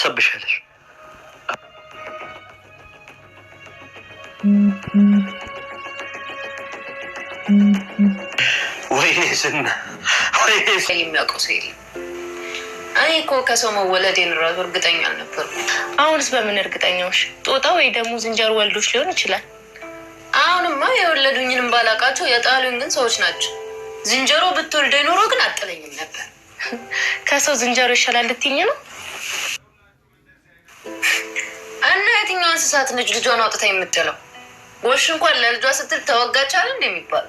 ትደርሰብሻለሽ። ወይኔ ዝና፣ የሚያውቀው ሰው የለም። እኔ እኮ ከሰው መወለዴን እራሱ እርግጠኛ አልነበርኩም። አሁንስ በምን እርግጠኛዎች? ጦጣ ወይ ደግሞ ዝንጀሮ ወልዶች ሊሆን ይችላል። አሁንማ የወለዱኝንም ባላቃቸው የጣሉኝ ግን ሰዎች ናቸው። ዝንጀሮ ብትወልደ ኖሮ ግን አጥለኝም ነበር። ከሰው ዝንጀሮ ይሻላል ልትይኝ ነው? እንስሳት ነች ልጇን አውጥታ የምትለው? ጎሽ እንኳን ለልጇ ስትል አለ እንደ የሚባል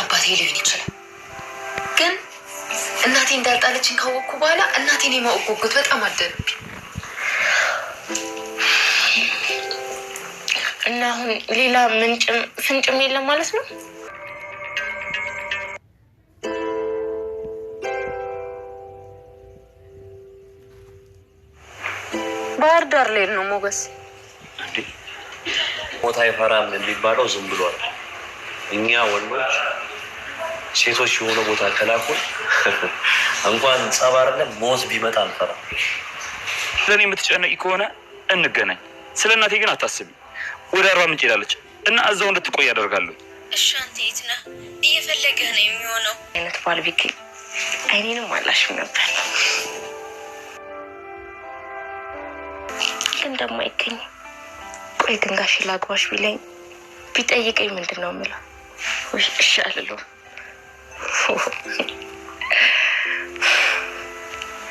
አባቴ ሊሆን ይችላል። ግን እናቴ እንዳልጣለችን ካወቅኩ በኋላ እናቴን የማወቅ ጉጉት በጣም አደረብኝ። እና አሁን ሌላ ምንጭም ፍንጭም የለም ማለት ነው። ባህር ዳር ላይ ነው ሞገስ። ሞት አይፈራም የሚባለው ዝም ብሏል። እኛ ወንዶች ሴቶች የሆነ ቦታ ከላኩን እንኳን ጸባርለ ሞት ቢመጣ አንፈራም። ለእኔ የምትጨነቂ ከሆነ እንገናኝ። ስለ እናቴ ግን አታስቢ። ወደ አርባ ምንጭ ሄዳለች እና እዛው እንድትቆይ ያደርጋሉ። እሺ፣ አንተ የት ነህ? እየፈለገህ ነው የሚሆነው አይነት ባል ቢገኝ አይኔንም አላሽም ነበር። እንደማይገኝ ቆይ ግን ጋሽ ላግባሽ ቢለኝ ቢጠይቀኝ ምንድን ነው የምለው? እሺ አልለውም።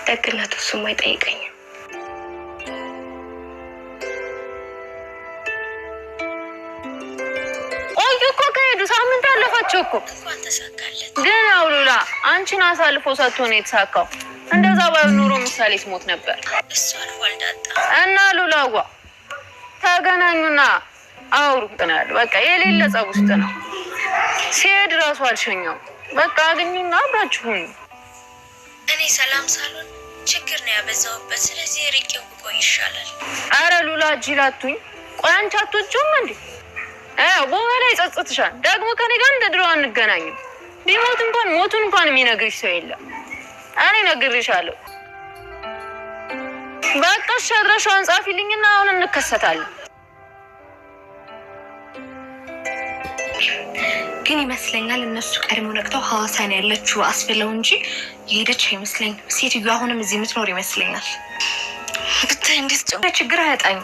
ደግነቱ እሱም አይጠይቀኝም። ሳምንት አለፋቸው እኮ ግን አውሉላ አንቺን አሳልፎ ሰጥቶ ነው የተሳካው እንደ ከዛ ባይኖሮ ምሳሌ ትሞት ነበር። እና ሉላዋ ተገናኙና አውሩ ብናል። በቃ የሌለ ጸብ ውስጥ ነው። ሲሄድ ራሱ አልሸኘው። በቃ አግኙና አብራችሁን። እኔ ሰላም ሳልሆን ችግር ነው ያበዛውበት። ስለዚህ ርቄው ብቆይ ይሻላል። አረ ሉላ ጅላቱኝ ቆያንቻቶችም እንዴ በኋላ ይጸጽትሻል። ደግሞ ከኔ ጋር እንደ ድሮ አንገናኝም። ቢሞት እንኳን ሞቱን እንኳን የሚነግርሽ ሰው የለም። እኔ ነግሬሻለሁ። በቃ እሺ፣ አድራሻዋን ጻፊልኝና አሁን እንከሰታለን። ግን ይመስለኛል እነሱ ቀድሞ ነቅተው ሀዋሳን ያለችው አስብለው እንጂ የሄደች አይመስለኝም። ሴትዮ አሁንም እዚህ የምትኖር ይመስለኛል። ብታይ እንዴት ጭ ችግር አያጣኝ።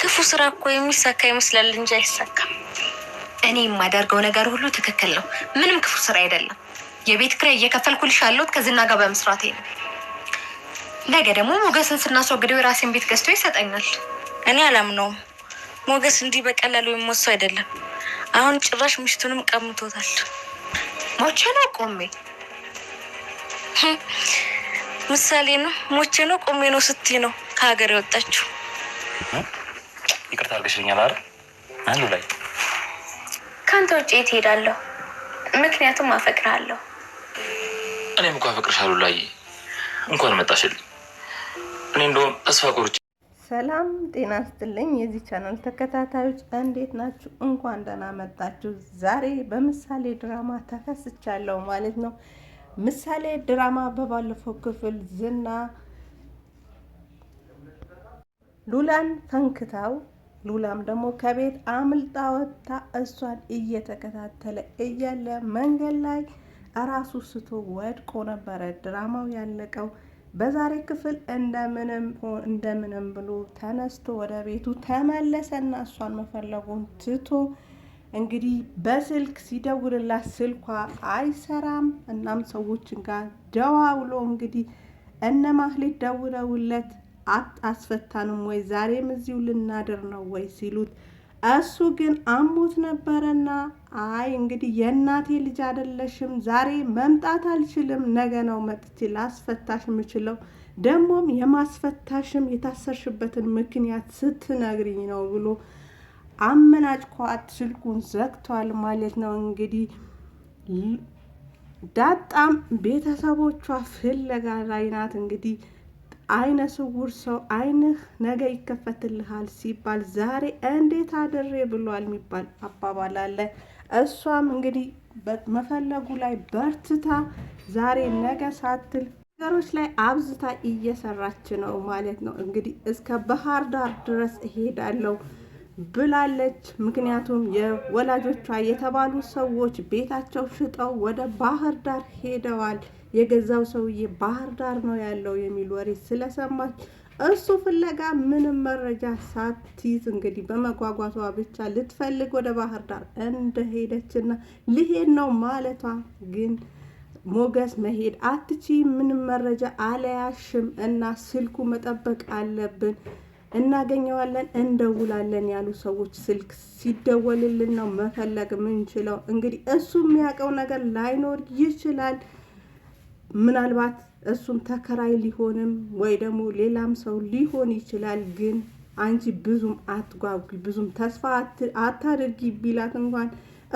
ክፉ ስራ እኮ የሚሳካ ይመስላል እንጂ አይሳካም። እኔ የማደርገው ነገር ሁሉ ትክክል ነው። ምንም ክፉ ስራ አይደለም። የቤት እየከፈል እየከፈልኩልሽ ያለሁት ከዝና ጋር በመስራቴ ነው። ነገ ደግሞ ሞገስን ስናስወግደው የራሴን ቤት ገዝቶ ይሰጠኛል። እኔ አላምነውም። ሞገስ እንዲህ በቀላሉ የሚሞሱ አይደለም። አሁን ጭራሽ ምሽቱንም ቀምቶታል። ሞቼ ነው ቆሜ ምሳሌ ነው። ሞቼ ነው ቆሜ ነው ስትይ ነው ከሀገር የወጣችው። ይቅርታ አድርገሽልኛል። አረ አንዱ ላይ ከአንተ ውጭ የት ምክንያቱም አፈቅርሃለሁ። እኔም እንኳን አፈቅርሻለሁ ላይ እንኳን መጣሽልኝ። እኔ እንደውም ተስፋ ቆርጬ ሰላም ጤና ስትልኝ የዚህ ቻናል ተከታታዮች እንዴት ናችሁ? እንኳን ደህና መጣችሁ። ዛሬ በምሳሌ ድራማ ተከስቻለሁ ማለት ነው። ምሳሌ ድራማ በባለፈው ክፍል ዝና ሉላን ፈንክታው ሉላም ደግሞ ከቤት አምልጣ ወጥታ እሷን እየተከታተለ እያለ መንገድ ላይ እራሱ ስቶ ወድቆ ነበረ ድራማው ያለቀው። በዛሬ ክፍል እንደምንም ብሎ ተነስቶ ወደ ቤቱ ተመለሰና እሷን መፈለጉን ትቶ እንግዲህ በስልክ ሲደውልላት ስልኳ አይሰራም። እናም ሰዎችን ጋር ደዋውሎ እንግዲህ እነ ማህሌት ደውለውለት አስፈታንም ወይ ዛሬም እዚሁ ልናድር ነው ወይ ሲሉት እሱ ግን አሞት ነበረና አይ እንግዲህ የእናቴ ልጅ አይደለሽም፣ ዛሬ መምጣት አልችልም፣ ነገ ነው መጥቼ ላስፈታሽ የምችለው ደግሞም የማስፈታሽም የታሰርሽበትን ምክንያት ስትነግርኝ ነው ብሎ አመናጭቋት ስልኩን ዘግቷል ማለት ነው። እንግዲህ ዳጣም ቤተሰቦቿ ፍለጋ ላይ ናት። እንግዲህ አይነ ስውር ሰው አይንህ ነገ ይከፈትልሃል ሲባል ዛሬ እንዴት አድሬ ብሏል የሚባል አባባል አለ። እሷም እንግዲህ መፈለጉ ላይ በርትታ ዛሬ ነገ ሳትል ነገሮች ላይ አብዝታ እየሰራች ነው ማለት ነው። እንግዲህ እስከ ባህር ዳር ድረስ እሄዳለሁ ብላለች። ምክንያቱም የወላጆቿ የተባሉ ሰዎች ቤታቸው ሽጠው ወደ ባህር ዳር ሄደዋል። የገዛው ሰውዬ ባህር ዳር ነው ያለው የሚል ወሬ ስለሰማች እሱ ፍለጋ ምንም መረጃ ሳትይዝ እንግዲህ በመጓጓቷ ብቻ ልትፈልግ ወደ ባህር ዳር እንደሄደችና ልሄድ ነው ማለቷ ግን ሞገስ መሄድ አትቺ፣ ምንም መረጃ አለያሽም እና ስልኩ መጠበቅ አለብን እናገኘዋለን እንደውላለን ያሉ ሰዎች ስልክ ሲደወልልን ነው መፈለግ ምንችለው። እንግዲህ እሱ የሚያውቀው ነገር ላይኖር ይችላል። ምናልባት እሱም ተከራይ ሊሆንም ወይ ደግሞ ሌላም ሰው ሊሆን ይችላል። ግን አንቺ ብዙም አትጓጉ፣ ብዙም ተስፋ አታድርጊ ቢላት እንኳን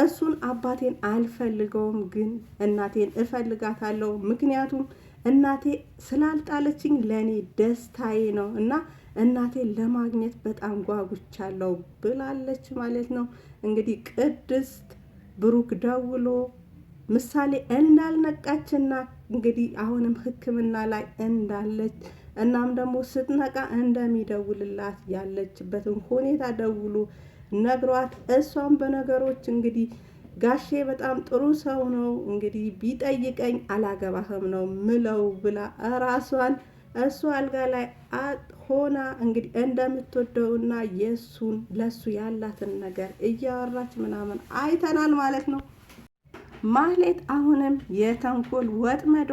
እሱን አባቴን አልፈልገውም፣ ግን እናቴን እፈልጋታለሁ። ምክንያቱም እናቴ ስላልጣለችኝ ለእኔ ደስታዬ ነው እና እናቴ ለማግኘት በጣም ጓጉቻለሁ ብላለች ማለት ነው። እንግዲህ ቅድስት ብሩክ ደውሎ ምሳሌ እንዳልነቃችና እንግዲህ አሁንም ሕክምና ላይ እንዳለች እናም ደግሞ ስትነቃ እንደሚደውልላት ያለችበትን ሁኔታ ደውሎ ነግሯት እሷም በነገሮች እንግዲህ ጋሼ በጣም ጥሩ ሰው ነው እንግዲህ ቢጠይቀኝ አላገባህም ነው ምለው ብላ ራሷን እሱ አልጋ ላይ ሆና እንግዲህ እንደምትወደውና የእሱን ለሱ ያላትን ነገር እያወራች ምናምን አይተናል ማለት ነው። ማህሌት አሁንም የተንኮል ወጥመዷ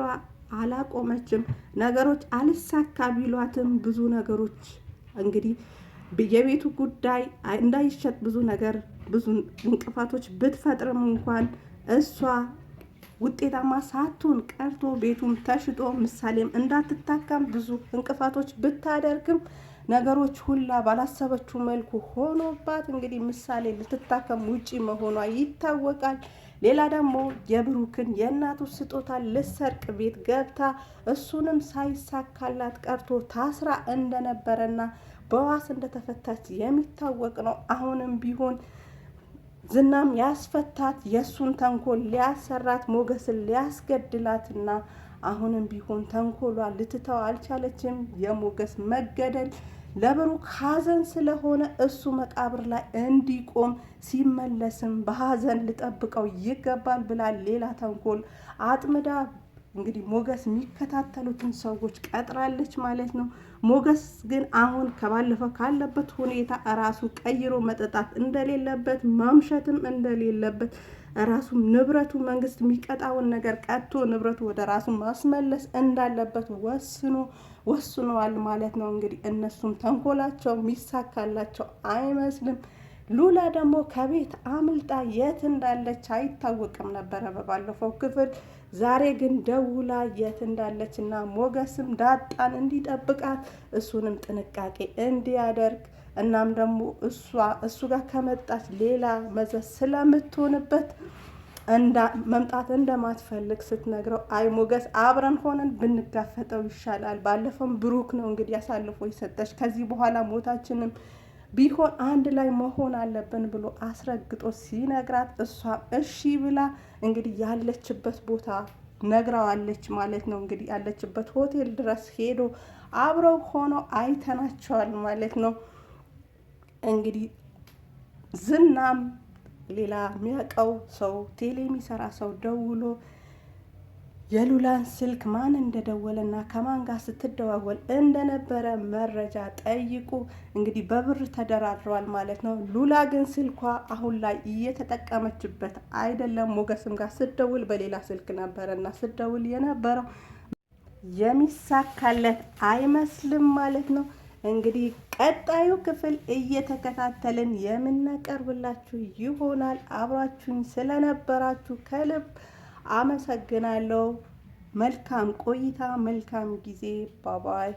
አላቆመችም። ነገሮች አልሳካ ቢሏትም ብዙ ነገሮች እንግዲህ የቤቱ ጉዳይ እንዳይሸጥ ብዙ ነገር ብዙ እንቅፋቶች ብትፈጥርም እንኳን እሷ ውጤታማ ሳትሆን ቀርቶ ቤቱም ተሽጦ ምሳሌም እንዳትታከም ብዙ እንቅፋቶች ብታደርግም ነገሮች ሁላ ባላሰበችው መልኩ ሆኖባት እንግዲህ ምሳሌ ልትታከም ውጪ መሆኗ ይታወቃል። ሌላ ደግሞ የብሩክን የእናቱ ስጦታ ልሰርቅ ቤት ገብታ እሱንም ሳይሳካላት ቀርቶ ታስራ እንደነበረና በዋስ እንደተፈታች የሚታወቅ ነው። አሁንም ቢሆን ዝናም ያስፈታት የእሱን ተንኮል ሊያሰራት ሞገስን ሊያስገድላትና አሁንም ቢሆን ተንኮሏ ልትተው አልቻለችም። የሞገስ መገደል ለብሩክ ሀዘን ስለሆነ እሱ መቃብር ላይ እንዲቆም ሲመለስም በሀዘን ልጠብቀው ይገባል ብላ ሌላ ተንኮል አጥምዳ እንግዲህ ሞገስ የሚከታተሉትን ሰዎች ቀጥራለች ማለት ነው። ሞገስ ግን አሁን ከባለፈው ካለበት ሁኔታ ራሱ ቀይሮ መጠጣት እንደሌለበት ማምሸትም እንደሌለበት ራሱ ንብረቱ መንግስት የሚቀጣውን ነገር ቀጥቶ ንብረቱ ወደ ራሱ ማስመለስ እንዳለበት ወስኖ ወስነዋል ማለት ነው። እንግዲህ እነሱም ተንኮላቸው የሚሳካላቸው አይመስልም። ሉላ ደግሞ ከቤት አምልጣ የት እንዳለች አይታወቅም ነበረ በባለፈው ክፍል። ዛሬ ግን ደውላ የት እንዳለች እና ሞገስም ዳጣን እንዲጠብቃት እሱንም ጥንቃቄ እንዲያደርግ እናም ደግሞ እሷ እሱ ጋር ከመጣች ሌላ መዘዝ ስለምትሆንበት መምጣት እንደማትፈልግ ስትነግረው አይ ሞገስ አብረን ሆነን ብንጋፈጠው ይሻላል። ባለፈውም ብሩክ ነው እንግዲህ አሳልፎ የሰጠች ከዚህ በኋላ ሞታችንም ቢሆን አንድ ላይ መሆን አለብን ብሎ አስረግጦ ሲነግራት እሷም እሺ ብላ እንግዲህ ያለችበት ቦታ ነግራዋለች ማለት ነው። እንግዲህ ያለችበት ሆቴል ድረስ ሄዶ አብረው ሆነው አይተናቸዋል ማለት ነው። እንግዲህ ዝናም ሌላ የሚያውቀው ሰው ቴሌ የሚሰራ ሰው ደውሎ የሉላን ስልክ ማን እንደደወለ እና ከማን ጋር ስትደዋወል እንደነበረ መረጃ ጠይቁ። እንግዲህ በብር ተደራድረዋል ማለት ነው። ሉላ ግን ስልኳ አሁን ላይ እየተጠቀመችበት አይደለም። ሞገስም ጋር ስደውል በሌላ ስልክ ነበረ እና ስደውል የነበረው የሚሳካለት አይመስልም ማለት ነው። እንግዲህ ቀጣዩ ክፍል እየተከታተልን የምናቀርብላችሁ ይሆናል። አብራችሁኝ ስለነበራችሁ ከልብ አመሰግናለሁ። መልካም ቆይታ፣ መልካም ጊዜ። ባባይ